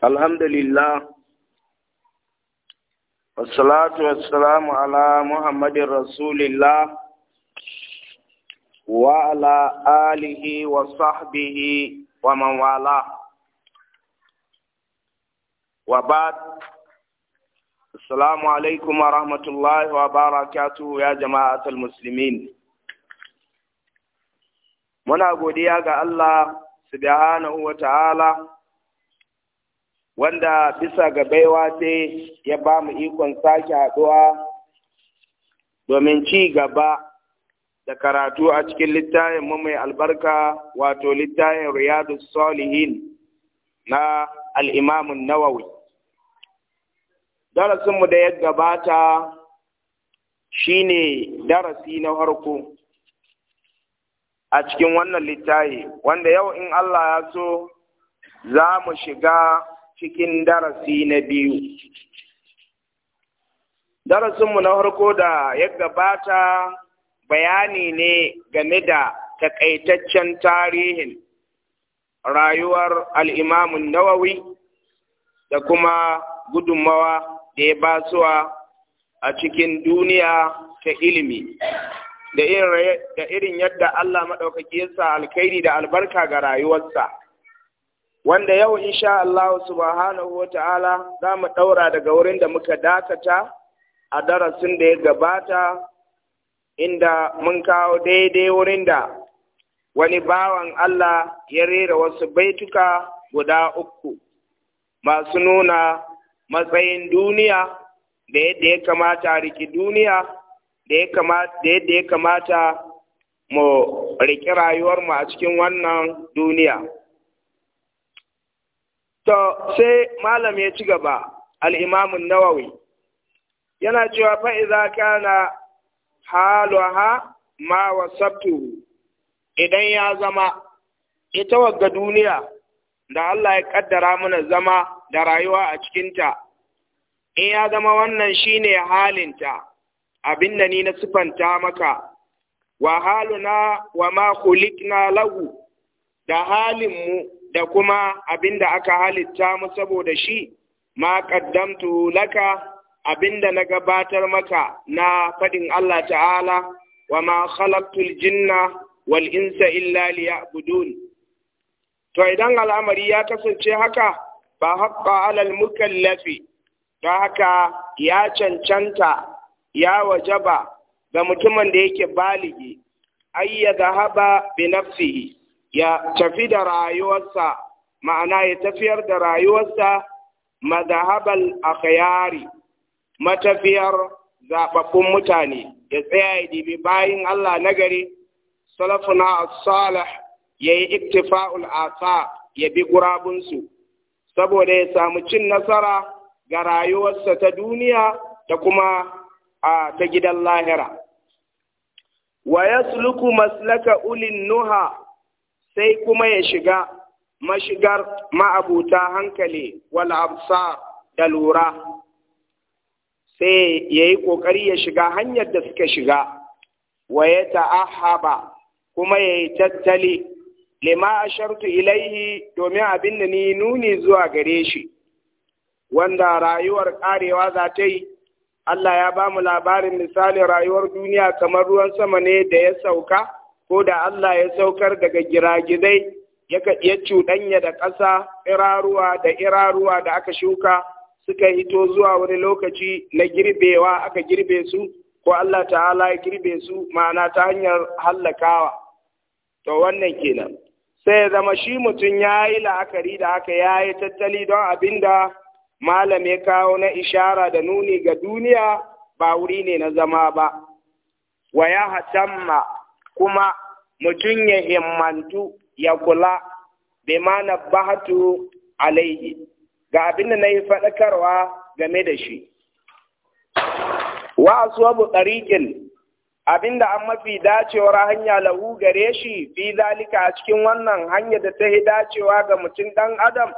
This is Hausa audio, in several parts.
alhamdulillah wassalatu wassalamu ala muhammadin rasulillah wa ala alihi wa sahbihi wa man wala wa ba'd alaikum wa rahmatullahi wa barakatuhu ya muna godiya ga Allah subhanahu wa ta'ala wanda bisa ga baiwa sai ya ba mu ikon sake haɗuwa domin ci gaba da karatu a cikin littafin mu mai albarka wato littafin riyadu salihin na al'imamun nawawi darasinmu da ya gabata shine darasi na harko a cikin wannan littafi wanda yau in Allah ya so za mu shiga cikin darasi na biyu darasinmu na harko da ya gabata bayani ne game da takaitaccen tarihin rayuwar al'imamun nawawi da kuma gudunmawa da ya basuwa a cikin duniya ta ilimi da irin yadda Allah maɗaukaki yasa alkhairi da albarka ga rayuwarsa wanda yau insha Allah subhanahu wa ta'ala za mu ɗaura daga wurin da muka dakata a darasin da ya gabata inda mun kawo daidai wurin da wani bawan Allah ya rera wasu baituka guda uku masu nuna matsayin duniya da yadda ya kamata riki duniya da yadda ya kamata mu riƙi rayuwarmu a cikin wannan duniya. To sai malam ya ci gaba al-Imam nawawi yana cewa fa idza kana haluha ma wasabtu idan ya zama ita wagga duniya da Allah ya kaddara mana zama da rayuwa a cikinta in ya zama wannan shine halinta abin da ni na sifanta maka wa haluna wa ma khuliqna lahu da halinmu da kuma abin da aka halitta mu saboda shi ma qaddamtu laka da na gabatar maka na faɗin Allah ta'ala wa ma khalaqtul jinna wal insa illa liya'budun to idan al'amari ya kasance haka ba haqqa alal mukallafi ta haka ya cancanta ya ba, ga mutumin da yake baligi ayyada haba bi nafsihi ya tafi da rayuwarsa ma'ana ya tafiyar da rayuwarsa madhahabal akhyari matafiyar zababbun mutane ya tsaya ya dibi bayan Allah nagari salafuna as-salih yayi iktifa'ul asa ya bi gurabunsu, saboda ya samu cin nasara ga rayuwarsa ta duniya da kuma ta gidan lahira wa yasluku maslaka ulin nuha sai kuma ya shiga mashigar ma'abuta hankali wal absar da lura sai ya yi ƙoƙari ya shiga hanyar da suka shiga wa ya ta'ahaba kuma ya yi tattali lima ashartu ilaihi domin abin da ni nuni zuwa gare shi wanda rayuwar ƙarewa za ta yi Allah ya ba mu labarin misali, rayuwar duniya kamar ruwan sama ne da ya sauka ko da Allah ya saukar daga giragizai ya cuɗanya da ƙasa iraruwa da iraruwa da aka shuka suka hito zuwa wani lokaci na girbewa aka girbe su ko Allah ta'ala ya girbe su ma'ana ta hanyar hallakawa to wannan kenan sai zama shi mutum ya yi la'akari da aka ya yi tattali don abin da malam ya kawo na ishara da nuni ga duniya ba wuri ne na zama ba wa ya hatamma kuma mutum ya himmantu ya kula bai mana bahatu alaihi ga abin da na yi faɗakarwa game da shi. Wa abu ɗarikin abin da an mafi dacewar hanya lahu gare shi fi zalika a cikin wannan hanya da ta yi dacewa ga mutum ɗan adam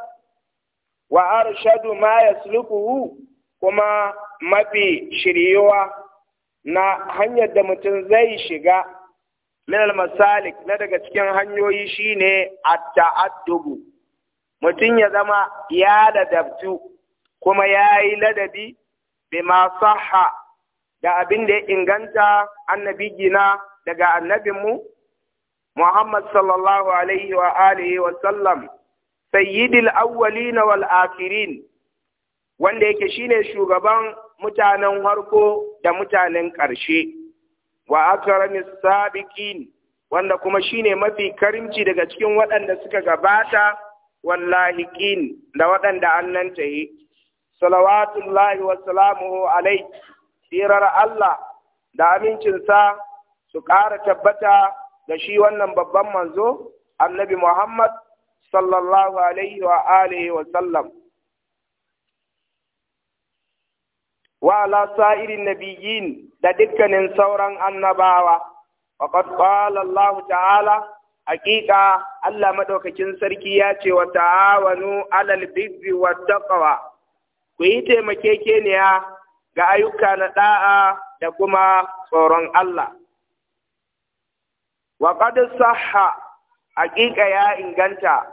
wa arshadu ma yaslukuhu kuma mafi shiryewa na hanyar da mutum zai shiga minal masalik na daga cikin hanyoyi shine at-ta'addubu mutum ya zama ya ladabtu kuma yayi yi ladabi bima sahha da abin da ya inganta annabi gina daga annabinmu Muhammad sallallahu alaihi wa alihi wa sallam sayyidil awwalin wal akhirin wanda yake shine shugaban mutanen harko da mutanen ƙarshe. wa akramis sabiqin wanda kuma shine mafi karimci daga cikin waɗanda suka gabata wallahiƙin da waɗanda annan tayi salawatullahi wa salamuhu alai sirar Allah da amincinsa su ƙara tabbata da shi wannan babban manzo annabi Muhammad sallallahu alaihi wa alihi wa sallam wa ala sa'irin nabiyyin da dukkanin sauran annabawa wa qad qala Allah ta'ala haqiqa Allah madaukakin sarki ya ce wa ta'awanu alal birri wat taqwa ku yi taimakekeniya ga ayyuka na da'a da kuma tsoron Allah wa qad sahha haqiqa ya inganta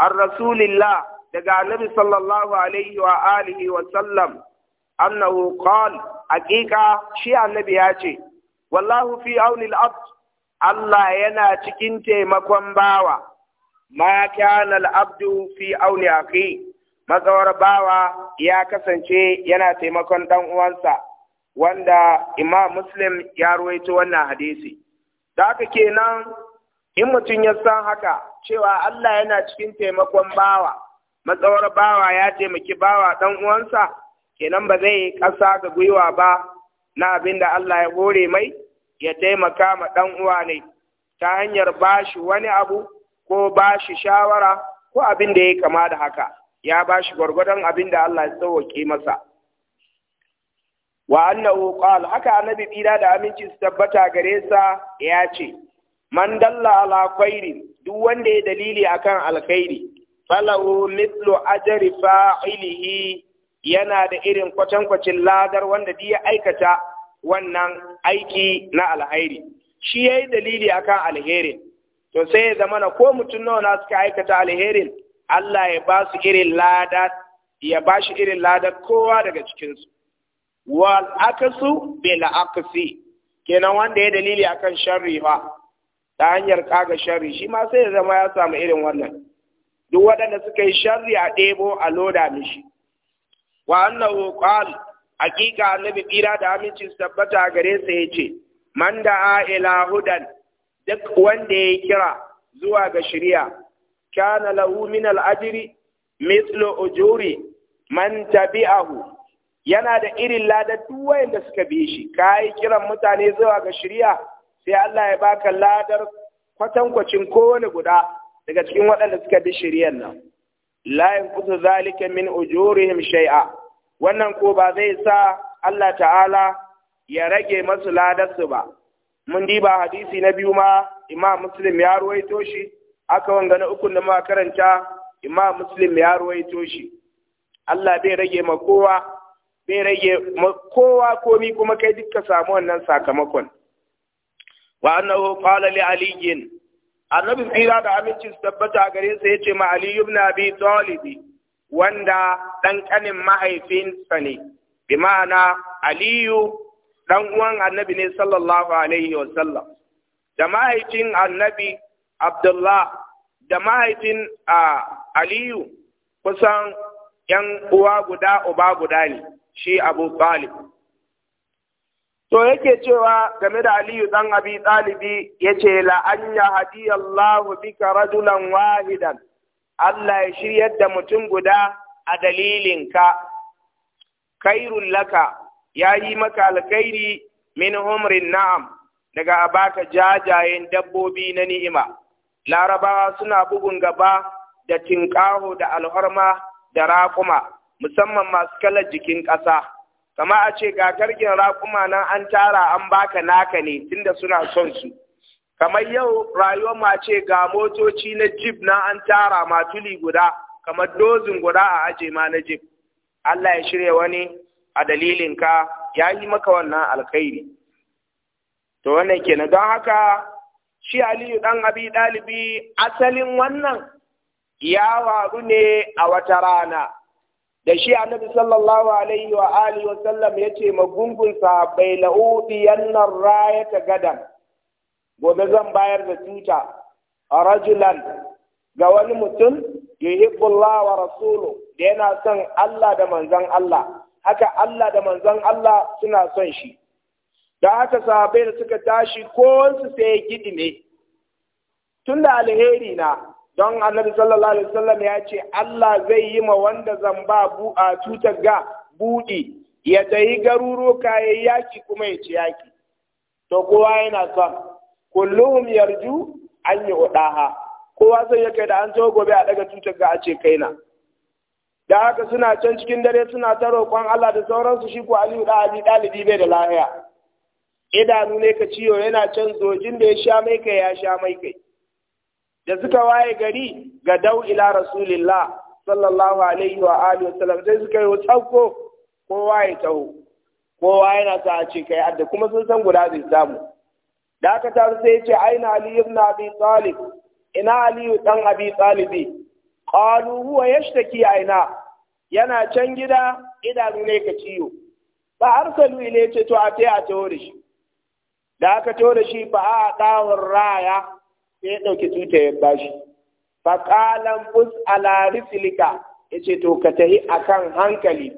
ar rasulillah daga annabi sallallahu alaihi wa alihi wa sallam annahu qal haqiqa shi annabi ya ce wallahu fi auni al Allah yana cikin taimakon bawa ma kana al-abdu fi auni akhi matsawar bawa ya kasance yana taimakon dan uwansa wanda imam muslim ya ruwaito wannan hadisi da haka kenan in mutum ya san haka cewa Allah yana cikin taimakon bawa matsawar bawa ya taimaki bawa dan uwansa kenan ba zai ƙasa ga gwiwa ba na abin da Allah ya hore mai ya taimaka ma ɗan uwa ne ta hanyar ba shi wani abu ko ba shi shawara ko abin da ya kama da haka ya ba shi gwargwadon abin da Allah ya tsawoke masa wa annahu qala haka annabi tsira da aminci su tabbata gare sa ya ce man dalla ala duk wanda ya dalili akan alkhairi falahu mithlu ajri fa'ilihi yana da irin kwatankwacin ladar wanda ya aikata wannan aiki na alheri shi ya yi dalili akan alherin to sai ya zamana ko mutum nawa na suka aikata alherin Allah ya ba su irin lada ya ba shi irin ladar kowa daga cikinsu wal akasu bil akasi kenan wanda ya dalili akan sharri ba ta hanyar kaga sharri shi ma sai ya zama ya samu irin wannan duk waɗanda suka yi sharri a ɗebo a loda mishi wa annahu qal haqiqa annabi tira da amincin tabbata gare sa yace man a ila hudan duk wanda ya kira zuwa ga shari'a kana lahu min al-ajri mithlu ujuri man tabi'ahu yana da irin lada duk wanda suka bi shi kai kiran mutane zuwa ga shari'a sai Allah ya baka ladar kwatankwacin kowane guda daga cikin waɗanda suka bi shari'ar nan layin kusa zalika min ujurihim shai'a. wannan ko ba zai sa Allah ta'ala ya rage masu ladarsu ba mun diba hadisi na biyu ma imam muslim ya ruwaito shi aka wanga na uku da ma karanta imam muslim ya ruwaito shi Allah bai rage ma kowa bai rage ma kowa komi kuma kai duka samu wannan sakamakon wa annahu qala li aliyin annabi tsira da aminci su tabbata gare sa ce ma yi na bi talib wanda ɗan ƙanin mahaifinsa ne bi ma'ana aliyu ɗan uwan annabi ne sallallahu alaihi wa sallam da mahaifin annabi abdullah da mahaifin aliyu kusan yan uwa guda uba guda ne shi abu talib To yake cewa game da Aliyu ɗan Abi Ɗalibi ya ce la'anya hadiyallahu bika rajulan wahidan, Allah ya shiryar da mutum guda a dalilinka, kairun laka ya yi maka alkhairi min umrin na'am daga abaka jajayen dabbobi na ni'ima. Larabawa suna bugun gaba da tinƙaho da alharma da raƙuma, musamman masu kalar jikin ƙasa. kama a ce ga gargin raƙuma nan an tara an baka naka ne tunda suna son su kamar yau rayuwar ma ce ga motoci na jib na an tara ma tuli guda kamar dozin guda a aje ma na jib Allah ya shirya wani a dalilinka ya yi maka wannan alkhairi to wannan kenan don haka shi Aliyu dan Abi Dalibi asalin wannan ya waru ne a wata rana da shi annabi sallallahu alaihi wa alihi wa sallam yace ma gungun sahabbai la raya rayata gadan gobe zan bayar da tuta rajulan ga wani mutum yuhibbullah wa rasulu da yana son Allah da manzon Allah haka Allah da manzon Allah suna son shi da haka sahabbai da suka tashi ko su sai gidi ne tunda alheri na don annabi sallallahu alaihi wasallam ya ce Allah zai yi ma wanda zamba bu a cutar ga buɗi ya tayi garuro kayan yaki kuma ya ci yaki to kowa yana son kulluhum yarju an yi udaha kowa zai ya kai da an zo gobe a ɗaga cutar ga a ce kaina da haka suna can cikin dare suna ta roƙon Allah da sauransu shi ko Aliyu da Abi Dalibi bai da lahiya idanu ne ka ciyo yana can zojin da ya sha mai kai ya sha mai kai da suka waye gari ga dau ila rasulillah sallallahu alaihi wa alihi wasallam sai suka yi tsauko kowa ya taho kowa yana sa ce kai adda kuma sun san guda zai samu da aka taru sai ya ce aina ali ibn abi talib ina ali dan abi talibi qalu huwa yashtaki aina yana can gida idanu ne ka ciyo ba arsalu ile ce to a tayi a da da aka taho da shi ba a qawr raya sai ya ɗauki tuta ya bashi faƙalan bus ala risilika ya ce to ka tahi akan hankali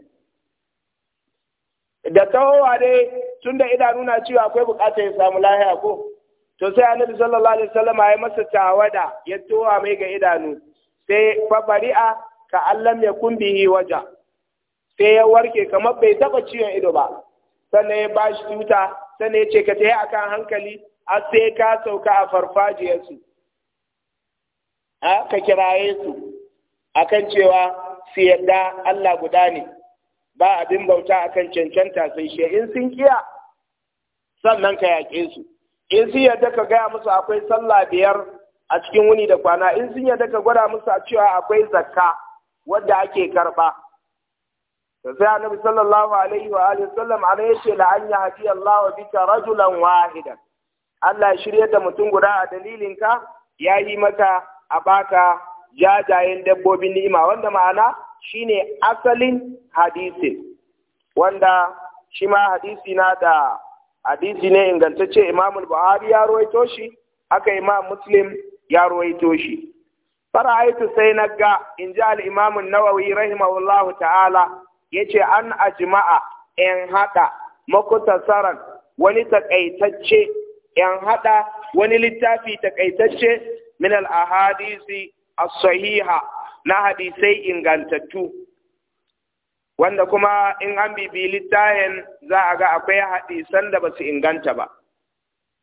da tahowa dai tun da idanu na cewa akwai buƙatar ya samu lahiya ko to sai annabi sallallahu alaihi wasallam ya masa tawada ya towa mai ga idanu sai bari'a ka allam ya kumbihi waja sai ya warke kamar bai taba ciwon ido ba sannan ya bashi tuta sannan ya ce ka tahi akan hankali A sai ka sauka a farfajiyarsu A ka kiraye su A kan cewa su yadda Allah guda ne ba abin bauta kan cancanta sai shi in sun kiya sannan ka yaƙe su in sun yadda ka gaya musu akwai sallah biyar a cikin wuni da kwana in sun yarda ka gwada musu a cewa akwai zakka wadda ake karɓa sai annabi sallallahu alaihi wa alihi sallam ana yace la an yahdi Allah bika rajulan wahidan Allah ya shirya da mutum guda a dalilinka ya yi maka a baka jajayen dabbobin ni'ima wanda ma'ana shine asalin hadisi wanda shi ma hadisi na da hadisi ne ingantacce Imam Buhari ya ruwaito shi aka Imam Muslim ya ruwaito shi fara'aitu sai na ga in ji al-Imam nawawi rahimahullahu ta'ala yace an ajma'a in haɗa makutasaran wani takaitacce in haɗa wani littafi takaitacce min al-ahadisi as-sahiha na hadisai ingantattu wanda kuma in an bibi littayen za a ga akwai hadisan da ba su inganta ba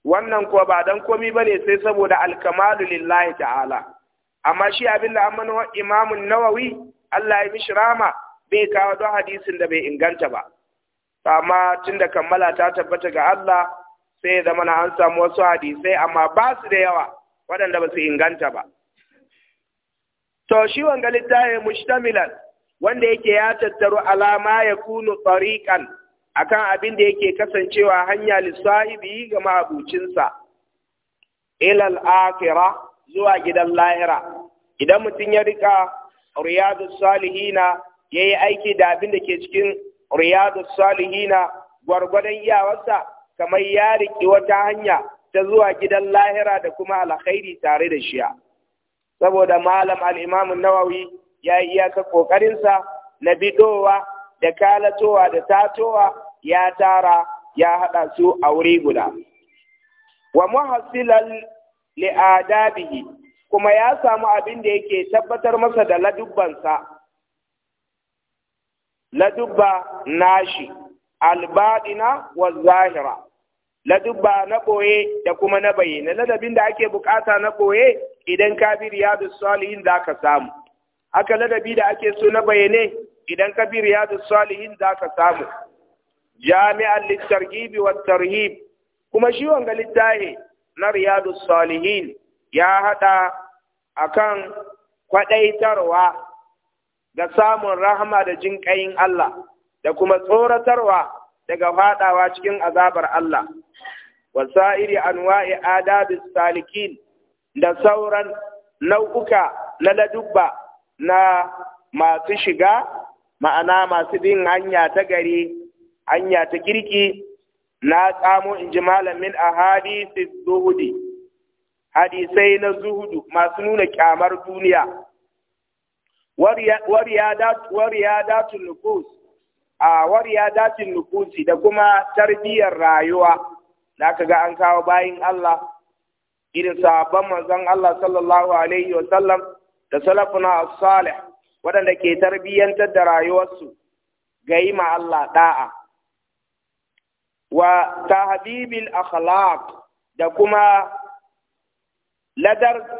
wannan kuwa ba dan komi ba ne sai saboda alkamalu lillahi ta'ala amma shi abin da amma imamun nawawi Allah ya mishi rama bai kawo don hadisin da bai inganta ba amma tunda kammala ta tabbata ga Allah sai ya zama na an samu wasu hadisai amma ba su da yawa waɗanda ba su inganta ba. To shi wanga littafin mushtamilan wanda yake ya tattaru alama ya kunu tsariƙan kan abin da yake kasancewa hanya lissahibi ga ma'abucinsa. Ilal akira zuwa gidan lahira. Idan mutum ya rika riyadu salihina ya yi aiki da abin da ke cikin riyadu salihina gwargwadon iyawarsa kamar ya riƙe wata hanya ta zuwa gidan lahira da kuma alkhairi tare da shiya saboda malam al-imam nawawi ya yi iyaka ƙoƙarinsa na bidowa da kalatowa da tatowa ya tara ya haɗa su a wuri guda wa muhassilan li'adabihi kuma ya samu abin da yake tabbatar masa da ladubbansa ladubba nashi albadina wa zahira ladubba na ɓoye da kuma na bayyana ladabin da ake bukata na ɓoye idan ka bi riyadu salihin za ka samu haka ladabi da ake so na bayyane idan ka bi riyadu salihin za ka samu jami'an littargibi wa tarhib kuma shi wanga littahi na riyadu salihin ya hada akan kwaɗaitarwa ga samun rahama da jinƙayin Allah da kuma tsoratarwa daga fadawa cikin azabar Allah wa sa'iri anwa'i adabis salikin da sauran nau'uka na ladubba na masu shiga ma'ana masu bin hanya ta gari hanya ta kirki na tsamo in ji malamin a hadisi zuhudi hadisai na zuhudu masu nuna kyamar duniya datun nufus a wariya datin nufusi da kuma tarbiyyar rayuwa da aka ga an kawo bayan Allah irin sabon manzon Allah sallallahu alaihi wa sallam da salafuna as-salih waɗanda ke tarbiyyantar da rayuwarsu ga yi ma Allah da'a wa tahbibil akhlaq da kuma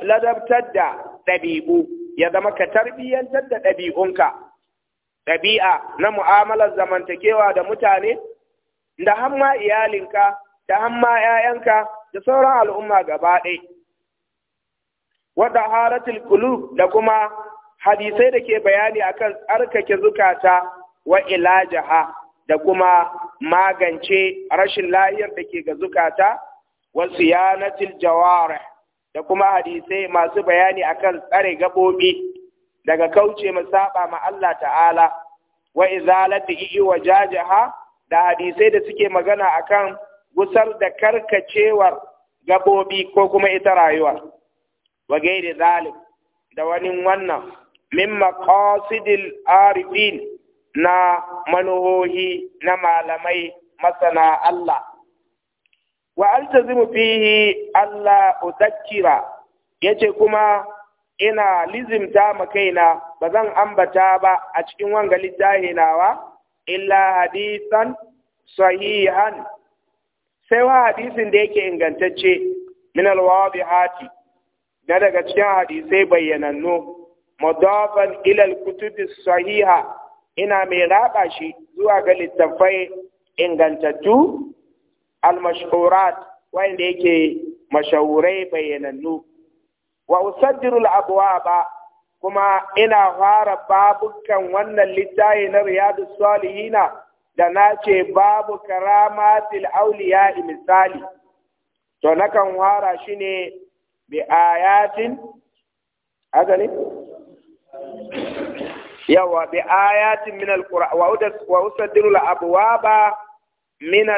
ladabtar da ɗabi'u ya zama ka tarbiyyantar da ɗabi'unka ɗabi'a na mu'amalar zamantakewa da mutane da hamma iyalinka da hamma 'ya'yanka da sauran al'umma gaba ɗaya wadda haratul kulub da kuma hadisai da ke bayani akan tsarkake zukata wa ilajaha da kuma magance rashin lahiyar da ke ga zukata wa siyanatil jawarih da kuma hadisai masu bayani akan tsare gabobi daga kauce mu saba ma Allah ta'ala wa izalati wa jajaha da hadisai da suke magana akan gusar da karkacewar gabobi ko kuma ita rayuwa wa gairi zalim da wani wannan min maqasidil arifin na manohi na malamai masana Allah wa altazimu fihi Allah udakkira yace kuma ina lizimta ma kaina ba zan ambata ba a cikin wanga littafi nawa illa hadisan sahihan sai wa hadisin da yake ingantacce min alwadihati Da daga cikin hadisai bayyanannu mudafan ila alkutubi sahiha ina mai raba shi zuwa ga littafai ingantattu almashhurat wanda yake mashahurai bayyanannu wa usaddiru al-abwaba kuma ina fara babukan wannan littafi na riyadu salihina da na ce babu karamatil auliya misali to nakan fara shi ne bi ayatin haka ne bi abwaba min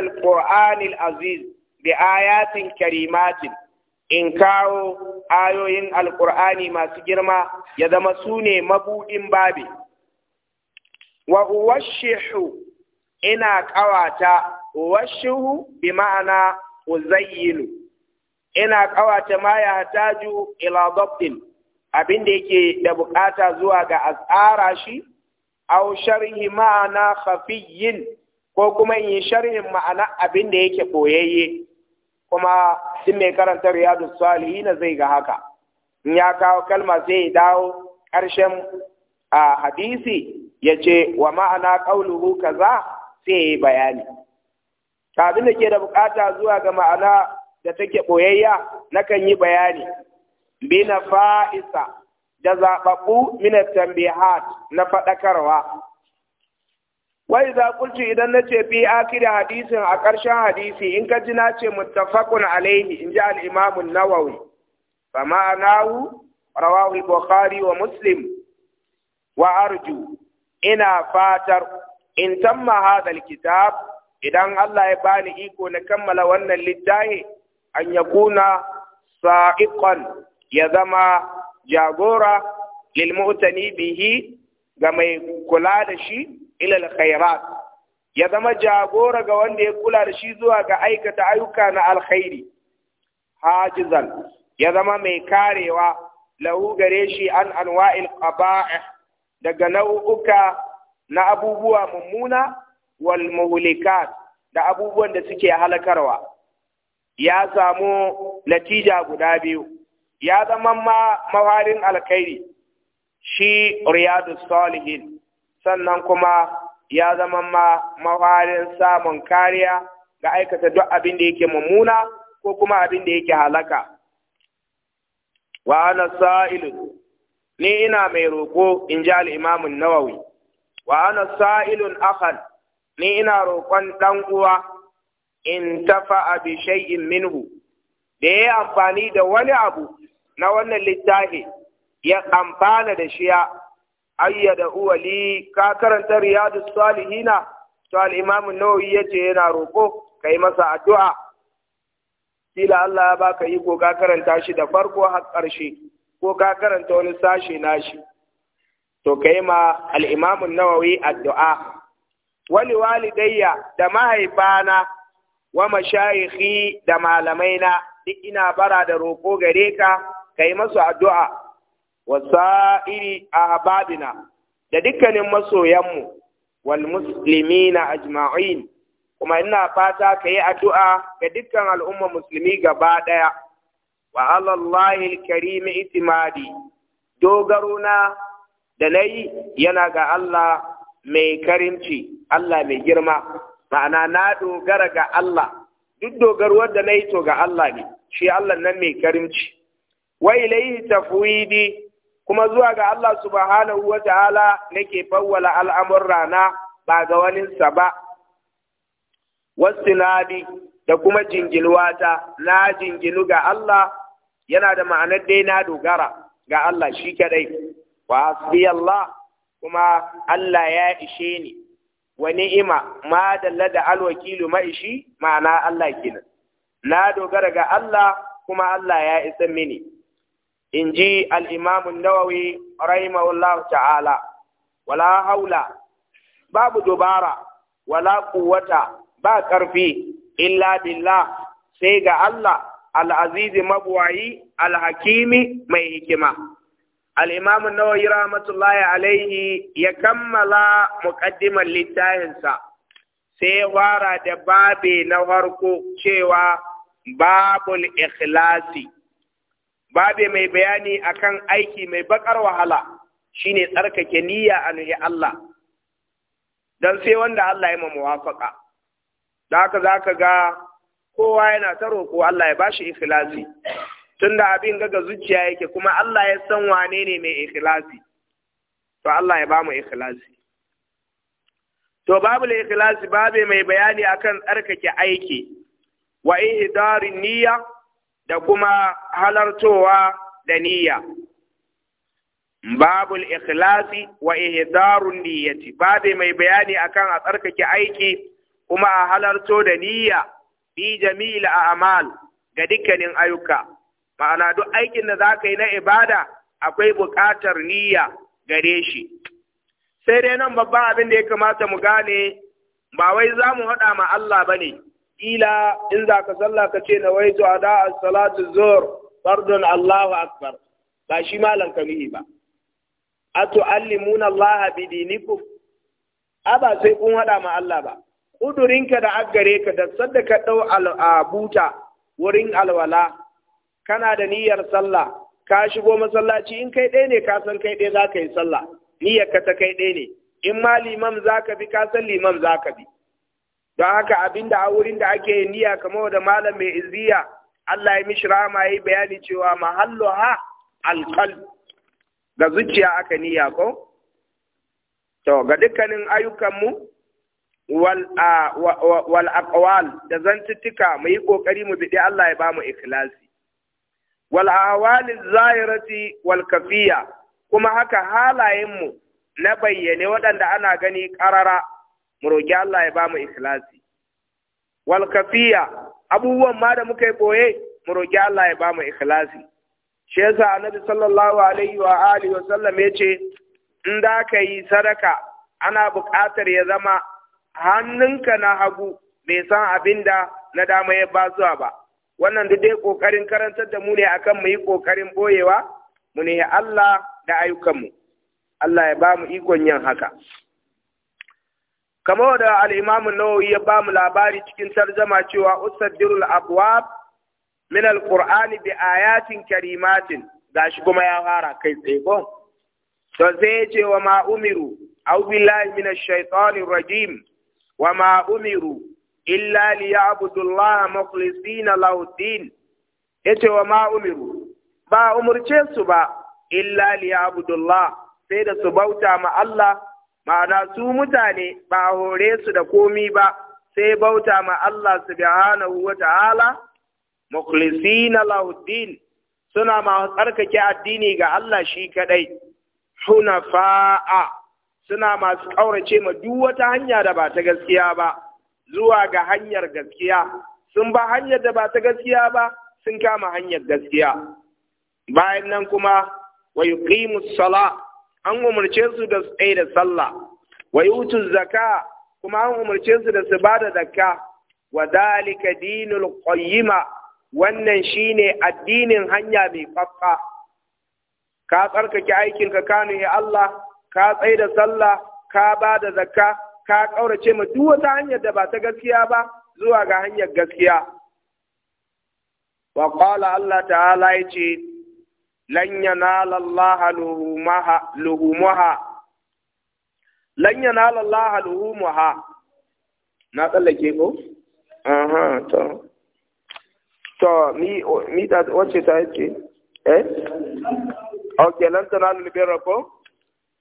aziz bi karimatin in kawo ayoyin alkur'ani masu girma ya zama su ne mabuɗin babi wa uwashihu ina ƙawata uwashihu bi ma'ana uzayyinu ina ƙawata ma ya hataju ila dabtin abin da yake da bukata zuwa ga asara shi aw sharhi ma'ana khafiyyin ko kuma in sharhin ma'ana abin da yake boyayye kuma duk mai karanta riyadu na zai ga haka in ya kawo kalma sai ya dawo ƙarshen a hadisi ya ce wa ma'ana ƙauluhu kaza sai ya yi bayani kafin da ke da buƙata zuwa ga ma'ana da take ɓoyayya nakan yi bayani bina fa'isa da zaɓaɓɓu minar tambihat na faɗakarwa wai za kulci idan na ce fi kira hadisin a ƙarshen hadisi in ka ji na ce muttafaqun alaihi in ji al-imam nawawi fa ma'anahu rawahu al-bukhari wa muslim wa arju ina fatar in tamma hadha al-kitab idan Allah ya bani iko na kammala wannan littafi an yakuna sa'iqan ya zama jagora lil bihi ga mai kula da shi ilal khairat ya zama jagora ga wanda ya kula da shi zuwa ga aikata ayyuka na alkhairi hajizan ya zama mai karewa lahu gare shi an anwa'il qaba'ih daga nau'uka na abubuwa mummuna wal muhlikat da abubuwan da suke halakarwa ya samu natija guda biyu ya zama ma mawarin alkhairi shi riyadus salihin sannan kuma ya zama ma mafarin samun kariya ga aikata duk abin da yake mummuna ko kuma abin da yake halaka wa ana Sa'ilu ni ina mai roƙo in ji al'imamun nawawi wa ana sa'ilun akan ni ina roƙon ɗan uwa in tafa bi shay'in minhu da ya yi amfani da wani abu na wannan littafi ya amfana da shiya da uwali ka karanta riyadu salihina to al-imam an-nawawi yace yana roko kai masa addu'a kila Allah ya baka iko ka karanta shi da farko har ƙarshe ko ka karanta wani sashe nashi to kai ma al-imam nawawi addu'a wali walidayya da mahaifana wa mashayikhi da malamaina duk ina bara da roko gare ka kai masu addu'a wa sa'iri ahbabina da dukkanin masoyanmu wal na ajma'in kuma ina fata ka yi addu'a ga dukkan al'umma musulmi gaba ɗaya wa alallahi karimi itimadi dogaro na da na yi yana ga Allah mai karimci Allah mai girma ma'ana na dogara ga Allah duk dogaruwar da na yi to ga Allah ne shi Allah nan mai karimci wa ilaihi tafwidi kuma zuwa ga Allah subhanahu wa ta'ala nake fawwala al'amurra na ba ga waninsa ba, wasu nadi da kuma jingilwata na jingilu ga Allah yana da ma'anar dai na dogara ga Allah shi kadai, wa Allah kuma Allah ya ishe ni, wa ni'ima ma dalla da alwakilu ma'ishi ma'ana Allah kenan. Na dogara ga Allah kuma Allah ya isa mini. in ji al'imamun nawawi rahimahullah ta'ala wala haula babu dubara wala kuwata ba ƙarfi illa billah sai ga Allah al'azizi mabuwayi hakimi mai hikima al'imamun nawawi rahmatullahi alaihi ya kammala muƙaddimar littafinsa sai ya da babi na farko cewa babul ikhlasi babe mai bayani akan aiki mai bakar wahala shine tsarkake niyya a nuhi Allah dan sai wanda Allah ya muwafaka da haka zaka ga kowa yana ta roƙo Allah ya bashi ikhlasi tunda abin gaga zuciya yake kuma Allah ya san wane ne mai ikhlasi to Allah ya bamu ikhlasi to babu ikhlasi babe mai bayani akan tsarkake aiki wa ihdarin niyya da kuma halartowa da niyya babul ikhlasi wa ihdarun niyyati mai bayani akan a tsarkake aiki kuma a halarto da niyya bi jamil a'mal ga dukkanin ayyuka ma'ana duk aikin da zaka yi na ibada akwai buƙatar niyya gare shi sai dai nan babban abin da ya kamata mu gane ba wai zamu mu haɗa ma Allah bane kila in za ka sallah ka ce to ada as-salatu zuhur fardun Allahu akbar ba shi ka kamihi ba A allimuna Allah bi dinikum aba sai kun hada ma Allah ba kudurinka da aggare ka da sadaka ka dau al'abuta wurin alwala kana da niyyar sallah ka shigo masallaci in kai ɗaya ne ka san kai ɗaya za ka yi sallah niyyar ka ta kai ɗaya ne in ma limam za ka bi ka san limam za ka bi don haka abinda a wurin da ake niyya kamar da malam mai izziya Allah ya mishi rama yi bayani cewa mahallu ha alƙal. ga zuciya aka niyya ko to ga dukkanin ayyukanmu wal aqwal da zantuttuka mu yi ƙoƙari mu biɗi Allah ya mu ikhlasi wal ahwal zahirati wal kafiya kuma haka halayenmu na bayyane waɗanda ana gani ƙarara mu roƙi Allah ya bamu ikhlasi wal kafiya abubuwan ma da muka yi boye mu roƙi Allah ya bamu ikhlasi shi yasa annabi sallallahu alaihi wa alihi wa sallam yace in da ka yi sadaka ana buƙatar ya zama hannunka na hagu bai san abin da na dama ya ba zuwa ba wannan duk dai ƙoƙarin karantar da mu ne akan mu yi ƙoƙarin boyewa mu ne Allah da ayyukanmu Allah ya ba mu ikon yin haka kamar da al-Imam nawawi ya ba mu labari cikin tarjama cewa usaddirul abwab min al bi ayatin karimatin gashi kuma ya fara kai tsaye ko to sai ce wa ma umiru أو بالله من الشيطان الرجيم وما أمروا إلا ليعبدوا الله مخلصين له الدين إتي وما أمروا با أمر ba illa ليعبدوا sai da su bauta ma Allah ma'ana su mutane ba hore su da komi ba sai bauta ma Allah subhanahu wa ta'ala mukhlisina lahuddin suna ma tsarkake addini ga Allah shi kadai hunafa'a suna masu ƙaurace ma duk wata hanya da ba ta gaskiya ba zuwa ga hanyar gaskiya sun ba hanyar da ba ta gaskiya ba sun kama hanyar gaskiya bayan nan kuma wa yuqimus sala an umarce su da tsaye da sallah wa yutu zaka kuma an umarce su da su ba da zakka wa dalika dinul qayyima wannan shine addinin hanya mai fakka ka tsarkake aikin ka kanu ya Allah ka tsaye da sallah ka ba da zakka ka kaurace ma duk wata hanyar da ba ta gaskiya ba zuwa ga hanyar gaskiya wa qala Allah ta'ala yace lan yanala Allah luhumaha luhumuha lan yanala Allah luhumuha na tsallake ko aha to to ni ni da wace ta yace eh okay lan tanalu birra ko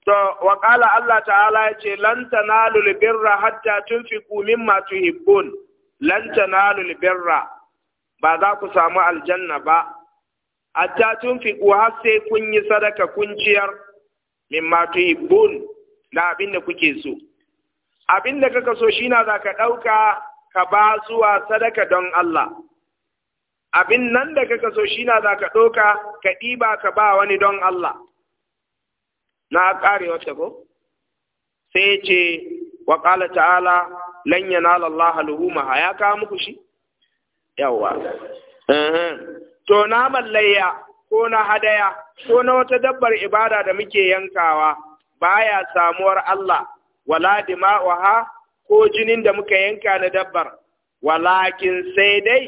to wa qala Allah ta'ala yace lan tanalu birra hatta tunfiqu mimma tuhibbun lan tanalu birra ba za ku samu aljanna ba hatta fi har sai kun yi sadaka kun ciyar yi tuhibbun na abin da kuke so abin da kaka so shi na za ka ɗauka ka ba zuwa sadaka don Allah abin nan da kaka so shi na za ka ɗauka ka ɗiba ka ba wani don Allah na ƙare wata ko sai ce wa ƙala ta'ala lan yanala Allah luhumaha ya kawo muku shi yawwa to naman layya ko na hadaya ko na wata dabbar ibada da muke yankawa baya samuwar Allah wala dima'uha ko jinin da muka yanka na dabbar walakin sai dai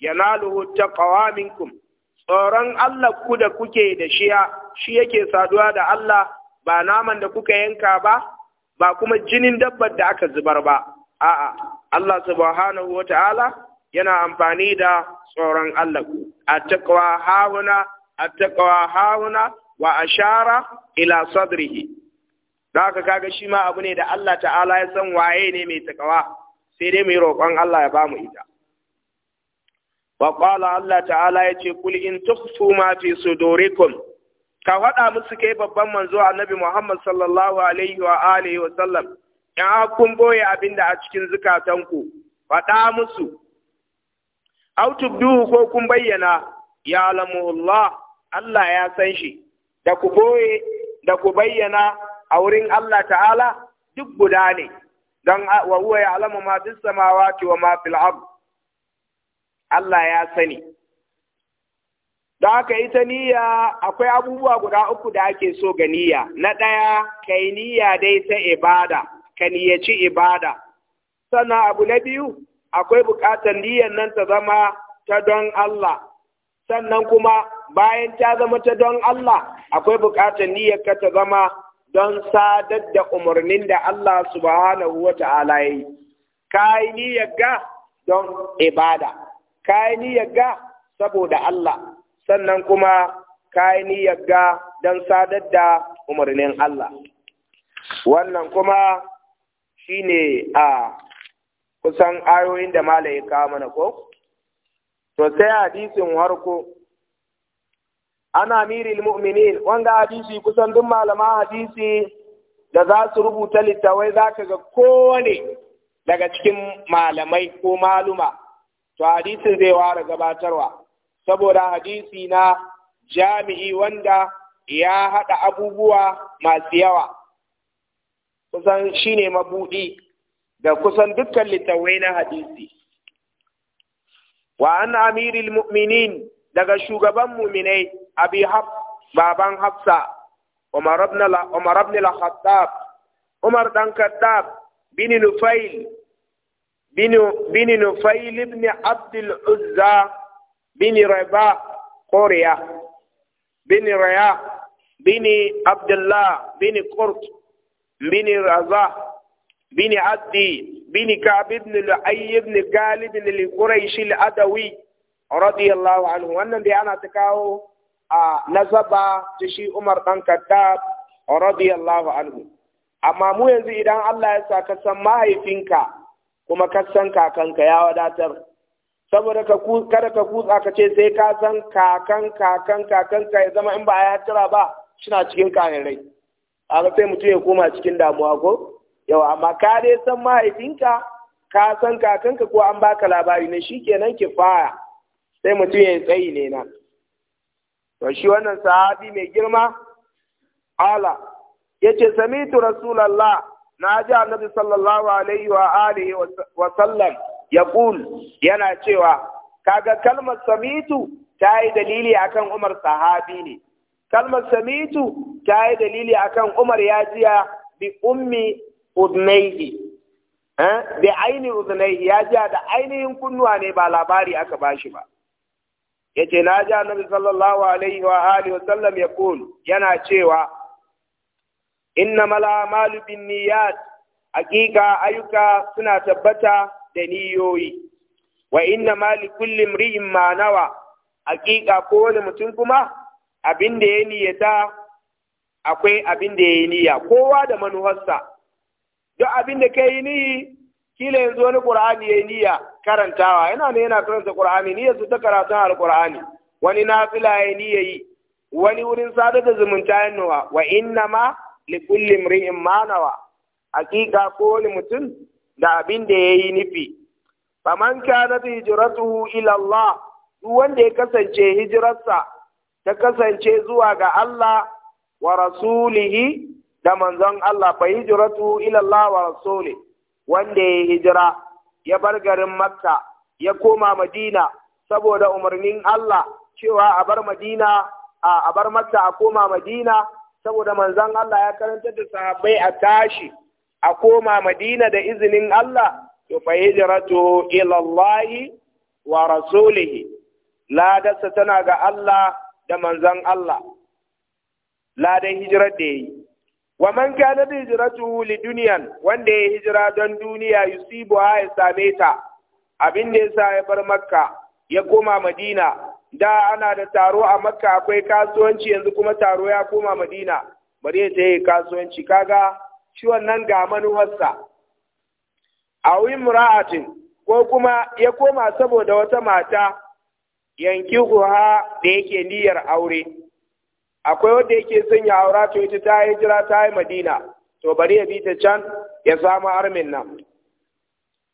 yanaluhu taqwa minkum tsoron Allah ku da kuke da shiya shi yake saduwa da Allah ba naman da kuka yanka ba ba kuma jinin dabbar da aka zubar ba a'a Allah subhanahu wata'ala yana amfani da tsoron Allah ku attaqwa hauna hauna wa ashara ila sadrihi haka kaga shi ma abu ne da Allah ta'ala ya san waye ne mai takawa sai dai mai roƙon Allah ya bamu ita wa qala Allah ta'ala yace kul in tukhfu ma fi sudurikum ka faɗa musu kai babban manzo annabi Muhammad sallallahu alaihi wa alihi wa sallam Ya kun boye abinda a cikin zukatanku faɗa musu aw tubduhu ko kun bayyana ya Allah Allah ya san shi da ku boye da ku bayyana a wurin Allah ta'ala duk guda ne don wa huwa ya alamu ma fis samawati wa ma fil ard Allah ya sani aka haka ita niyya akwai abubuwa guda uku da ake so ga niyya na ɗaya kai niyya dai ta ibada ka niyyaci ibada sannan abu na biyu akwai bukatar niyyar nan ta zama ta don Allah sannan kuma bayan ta zama ta don Allah akwai bukatar niyyar ka ta zama don sadar da umarnin da Allah subhanahu wa ta'ala yi kai niyyar ga don ibada kai niyyar ga saboda Allah sannan kuma kai niyyar ga don sadar da umarnin Allah wannan kuma shine a ah, kusan ayoyin da mala ya kawo mana ko to sai hadisin harko ana miril mu'minin Wanda hadisi kusan duk malama hadisi da za su rubuta littawai za ka ga kowane daga cikin malamai ko maluma to hadisin zai ware gabatarwa saboda hadisi na jami'i wanda ya haɗa abubuwa masu yawa kusan shine mabuɗi da kusan dukkan littawai na hadisi wa an amiril mu'minin daga shugaban mu'minai abi hab baban hafsa umar ibn umar ibn al-khattab umar dan khattab bin nufail bin bin nufail ibn abd al-uzza bin riba qoriya bin riya bin abdullah bin qurt bin razah بن عدي بن كعب بن لؤي بن غالب بن القريش الأدوي رضي الله عنه وأن دي أنا تكاو نزبا تشي عمر بن كتاب رضي الله عنه amma mu yanzu idan Allah ya sa ka san mahaifinka kuma ka san kakanka ya saboda ka kada ka kutsa ka ce sai ka san kakan kakan kakan ka ya zama in ba ya tura ba Suna cikin kahirai kaga sai mutum ya koma cikin damuwa ko Yau amma ka dai san mahaifinka ka san kakanka ko an baka labari ne shikenan kifaya sai mutum ya tsayi ne na to shi wannan sahabi mai girma ala yace samitu rasulullah na ji annabi sallallahu alaihi wa alihi wa sallam yaqul yana cewa kaga kalmar samitu ta yi dalili akan umar sahabi ne kalmar samitu ta yi dalili akan umar ya jiya bi ummi udnaihi eh, bi aini udnaihi ya ja da ainihin kunnuwa ne ba labari aka bashi ba yace na ja nabi sallallahu alaihi wa alihi wa sallam yaqul yana cewa innamal bin binniyat hakika ayyuka suna tabbata da niyoyi wa inna ma li kulli imri'in ma nawa hakika kowane mutum kuma abin da ya niyyata akwai abin da ya niyya kowa da manuwarsa duk abin da yi ni kila yanzu wani qur'ani yayi niyya karantawa yana ne yana karanta qur'ani niyyar su ta karatun alqur'ani wani nafila yayi yi wani wurin sadar da zumunta yin nawa wa ma li kulli imri'in ma nawa hakika ko wani mutum da abin da yayi nufi faman kanat hijratuhu ila Allah duk wanda ya kasance hijirarsa ta kasance zuwa ga Allah wa rasulihi da manzon Allah fa hijratu ila Allah wa rasuli wanda ya hijira ya bar garin Makka ya koma Madina saboda umarnin Allah cewa a bar Madina a bar Makka a koma Madina saboda manzon Allah ya karanta da sahabbai a tashi a koma Madina da izinin Allah to fa hijratu ila Allah wa rasulihi ladarsa tana ga Allah da manzon Allah ladan hijirar da yi wa man kana bi hijratu li duniyan wanda ya hijira don duniya yusibu ha ya same ta abin da yasa ya bar makka ya koma madina da ana da taro a makka akwai kasuwanci yanzu kuma taro ya koma madina bari ya tayi kasuwanci kaga shi wannan ga manuwarsa a mura'atin ko kuma ya koma saboda wata mata ha da yake niyyar aure akwai wanda yake son ya aura to ita ta yi jira ta yi madina to bari ya bi ta can ya samu armin nan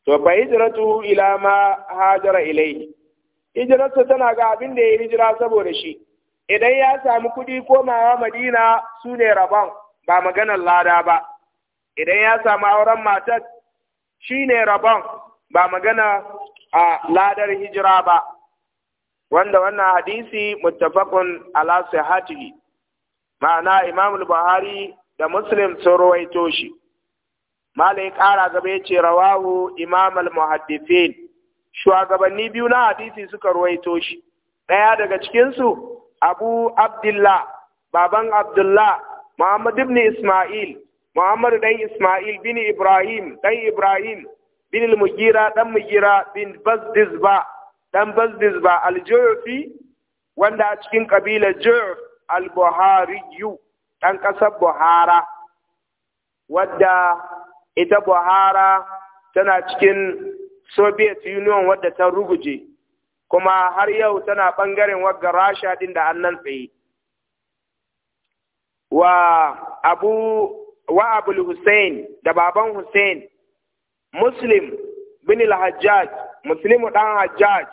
to fa hijratu ila ma hajara ilai hijratu tana ga abin da ya hijira saboda shi idan ya samu kuɗi komawa madina sune ne rabon ba maganar lada ba idan ya samu auren matar shine ne rabon ba magana a ladar hijira ba wanda wannan hadisi muttafaqun ala sihhatihi ma'ana imam buhari da muslim sun ruwaito shi malai kara gaba ya ce rawahu imam al-muhaddithin shugabanni biyu na hadisi suka ruwaito shi ɗaya daga cikinsu abu abdullah baban abdullah muhammad ibn isma'il muhammad dan isma'il bin ibrahim dan ibrahim bin al-mugira dan mugira bin bazdizba dan bazdizba al-jufi wanda a cikin kabilar juf al-buhariyu ɗan ƙasar buhara wadda ita buhara tana cikin soviet union wadda ta ruguje kuma har yau tana ɓangaren wagga rasha ɗin da annan tsaye wa abu wa abul hussein da baban hussein muslim bin al-hajjaj muslimu ɗan hajjaj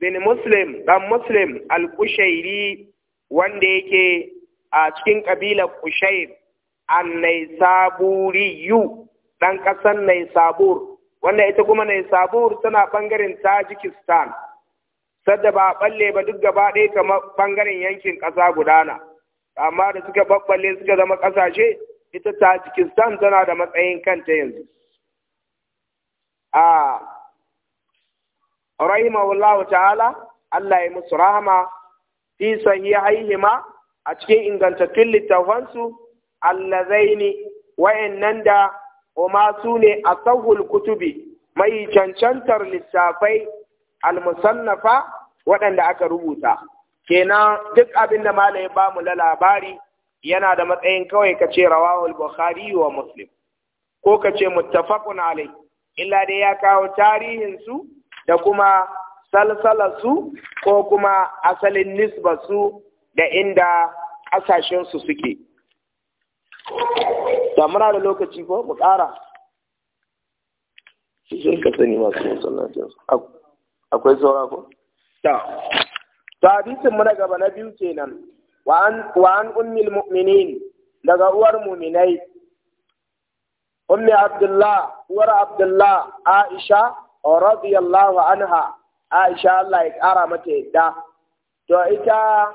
bin muslim ɗan muslim al-kushairi wanda yake a cikin ƙabilar Kushair an Naisaburiyu ɗan ƙasar Naisabur wanda ita kuma Naisabur tana ɓangaren Tajikistan sadda ba balle ba duk gaba ɗaya kamar ɓangaren yankin ƙasa gudana amma da suka babballe suka zama ƙasashe ita Tajikistan tana da matsayin kanta yanzu a rahimahullahu ta'ala Allah ya musu rahama fi ma a cikin ingantattun littafansu allazaini wayannan da kuma su ne a sahul kutubi mai cancantar littafai almusannafa waɗanda aka rubuta kenan duk abin da malamin ba mu da labari yana da matsayin kawai ka ce rawahul bukhari wa muslim ko ka ce muttafaqun alai illa dai ya kawo tarihin su da kuma su, ko kuma asalin su, da inda ƙasashensu suke. Da muna da lokaci ko mu ƙara. Sun ka sani masu masallacinsu. Akwai saura ko? Ta. To hadisin mu na gaba na biyu kenan. Wa an ummil mu'minin daga uwar muminai. Ummi Abdullah, uwar Abdullah, Aisha, radiyallahu anha, Aisha Allah ya ƙara mata yadda to ita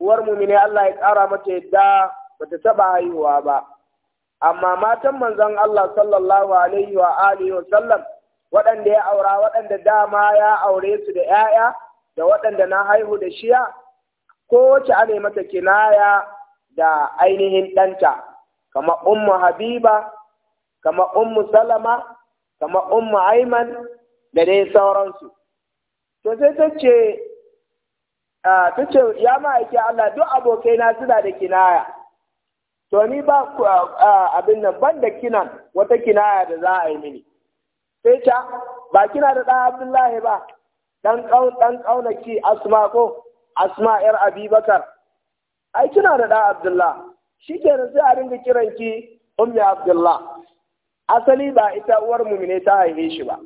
uwar mumine Allah ya ƙara mata yadda bata taɓa haihuwa ba amma matan manzon Allah sallallahu alaihi wa alihi wa sallam waɗanda ya aura waɗanda dama ya aure su da 'ya'ya da waɗanda na haihu da shiya ko an ana mata kinaya da ainihin ɗanta kama ummu habiba kama ummu salama kama ummu aiman da dai sauransu to sai ta ce ta ce ya ma'aiki Allah duk abokaina suna da kinaya to ni ba abin nan ban da kinan wata kinaya da za a yi mini sai ta ba kina da ɗan Abdullahi ba ɗan ƙaunaki Asma ko Asma ‘yar Abibakar ai kina da ɗan Abdullah shi da sai a ringa kiranki Ummi Abdullah asali ba ita uwar mu ne ta haife shi ba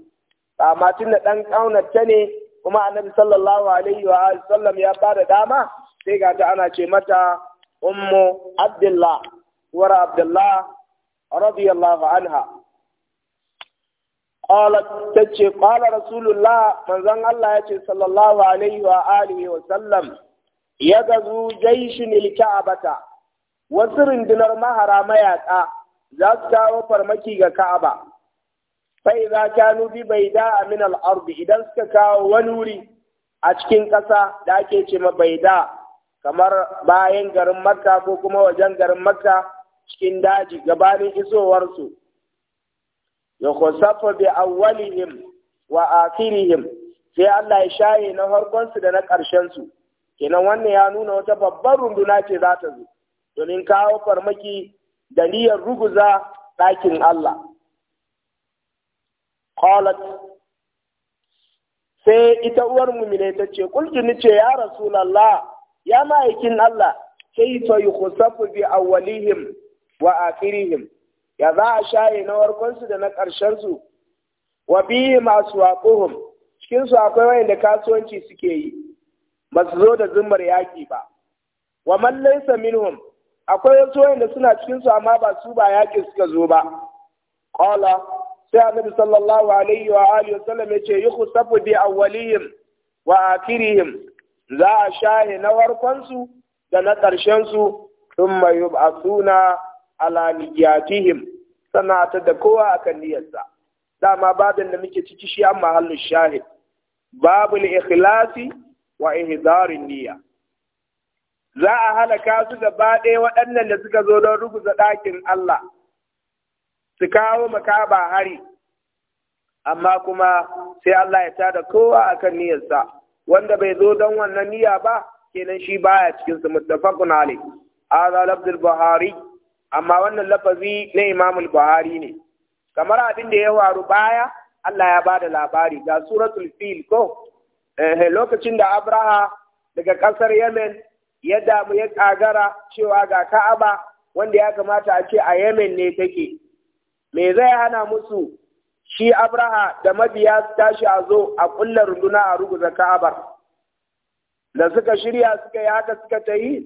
amma tun da ɗan ta ne kuma annabi sallallahu alaihi wa sallam ya bada dama sai ga ta ana ce mata ummu abdullah war abdullah radiyallahu anha qalat tace qala rasulullah manzon Allah yace sallallahu alaihi wa alihi wa sallam ya gazu jaishin ilka'abata wasu rundunar mahara mayaƙa za su kawo farmaki ga ka'aba sai za bi bai da min al-ardi idan suka kawo wani wuri a cikin ƙasa da ake ce ma bai da kamar bayan garin makka ko kuma wajen garin makka cikin daji gabanin isowarsu ya kusafa bi awwalihim wa akhirihim sai Allah ya shaye na harkonsu da na ƙarshensu kenan wannan ya nuna wata babbar runduna ce za ta zo domin kawo farmaki da niyyar ruguza ɗakin Allah qalat sai ita uwar mumine ta ce kulki ni ce ya rasulallah ya ma'aikin Allah kaifa yukhsafu bi awwalihim wa akhirihim ya za a shaye na warkonsu da na ƙarshen su wa bihi maswaquhum cikin su akwai wayanda kasuwanci suke yi ba su zo da zummar yaki ba wa man laysa minhum akwai wasu wayanda suna cikin su amma ba su ba yaki suka zo ba qala sai annabi sallallahu alaihi wa alihi wa sallam yace yukhsafu bi awwalihim wa akhirihim za a shahi na warkon da na ƙarshen su mai a suna alaniyatihim sana ta da kowa a kan niyyarsa dama babin da muke ciki shi an mahallin shahid babul ikhlasi wa ihdarin niyya za a halaka su gaba ɗaya waɗannan da suka zo don rubuta ɗakin Allah su kawo maka ba hari amma kuma sai Allah ya tada kowa akan niyyarsa wanda bai zo don wannan niyya ba kenan shi baya cikin su muttafaqun alayh hadha lafz al-buhari amma wannan lafazi na Imamul buhari ne kamar abin da ya waru baya Allah ya bada labari ga suratul fil ko eh lokacin da Abraha daga kasar Yemen ya damu ya kagara cewa ga Ka'aba wanda ya kamata a ce a Yemen ne take me zai hana musu shi abraha da mabiya su tashi a zo a kulla runduna a ruguza ka'abar da suka shirya suka yi haka suka ta yi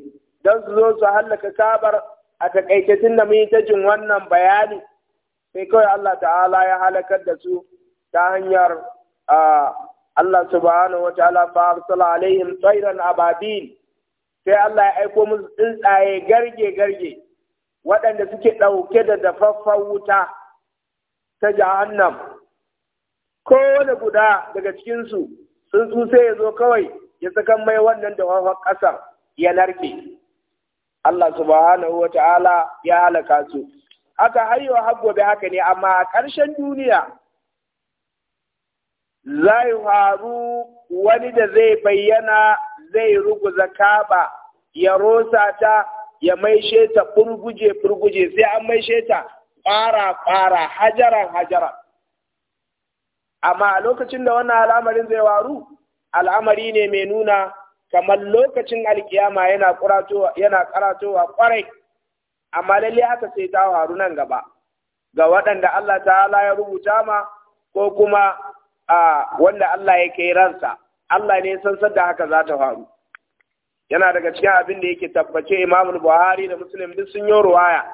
don su zo su hallaka ka'abar a takaitattun da mun ta jin wannan bayani sai kawai Allah ta'ala ya halakar da su ta hanyar Allah subhanahu wa ta'ala fa arsala alaihim tsairan ababil sai Allah ya aiko musu tsuntsaye garge garge waɗanda suke ɗauke da dafaffen wuta ta jahannam kowane guda daga cikinsu tsuntsu sai ya zo kawai ya sakan mai wannan da wawan ƙasar ya narke Allah subhanahu wa ta'ala ya halaka su haka hayo har gobe haka ne amma a ƙarshen duniya zai faru wani da zai bayyana zai ruguza kaba ya rosa ta ya maishe ta furguje furguje sai an maishe ta ƙwara-ƙwara hajaran-hajaran amma a lokacin da wannan al'amarin zai waru al'amari ne mai nuna kamar lokacin alkiyama yana karatowa ƙwarai amma lalle haka sai ta waru nan gaba ga waɗanda Allah Ta ta'ala ya rubuta ma ko kuma a wanda Allah ya kai ransa Allah ne san da haka za ta faru yana daga cikin abin da yake tabbace imamul Buhari da Muslim duk sun yi ruwaya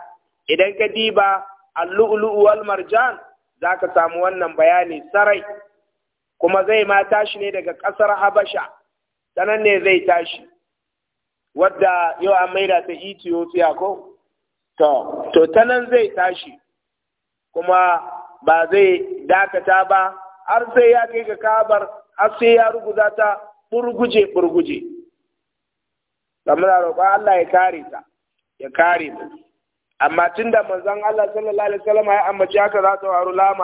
idan ka diba al luu wal marjan zaka samu wannan bayani sarai kuma zai ma tashi ne daga ƙasar Habasha sanan ne zai tashi wadda yau an maida ta Ethiopia ko to to tanan zai tashi kuma ba zai dakata ba har sai ya kai ga kabar har sai ya ruguza ta burguje burguje kamar roƙon Allah ya kare ta ya kare mu amma tunda manzon Allah sallallahu alaihi wasallam ya ambaci haka za ta waru la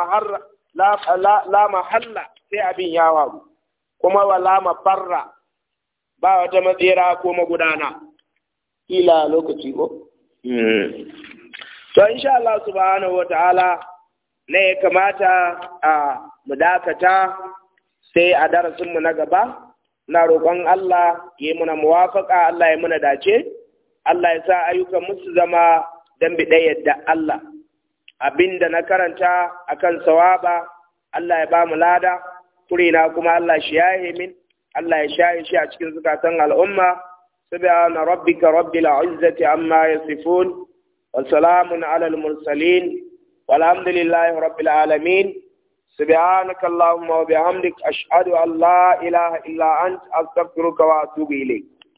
la la mahalla sai abin ya waru kuma wala farra. ba wata matsira ko magudana ila lokaci ko hmm. to insha Allah subhanahu wataala ne ya kamata a mu dakata sai a darasin mu na gaba na roƙon Allah ya yi muna muwafaƙa Allah ya muna dace Allah ya sa ayyukan musu zama don bi ɗaya da Allah abinda na karanta a kan sawaba Allah ya bamu lada kurina kuma Allah shi yahe min Allah ya shaye shi a cikin zukatan al'umma subhana rabbika rabbil izzati amma yasifun wa salamun alal mursalin walhamdulillahi rabbil alamin سبحانك اللهم وبحمدك أشهد أن لا إله إلا أنت أستغفرك وأتوب إليك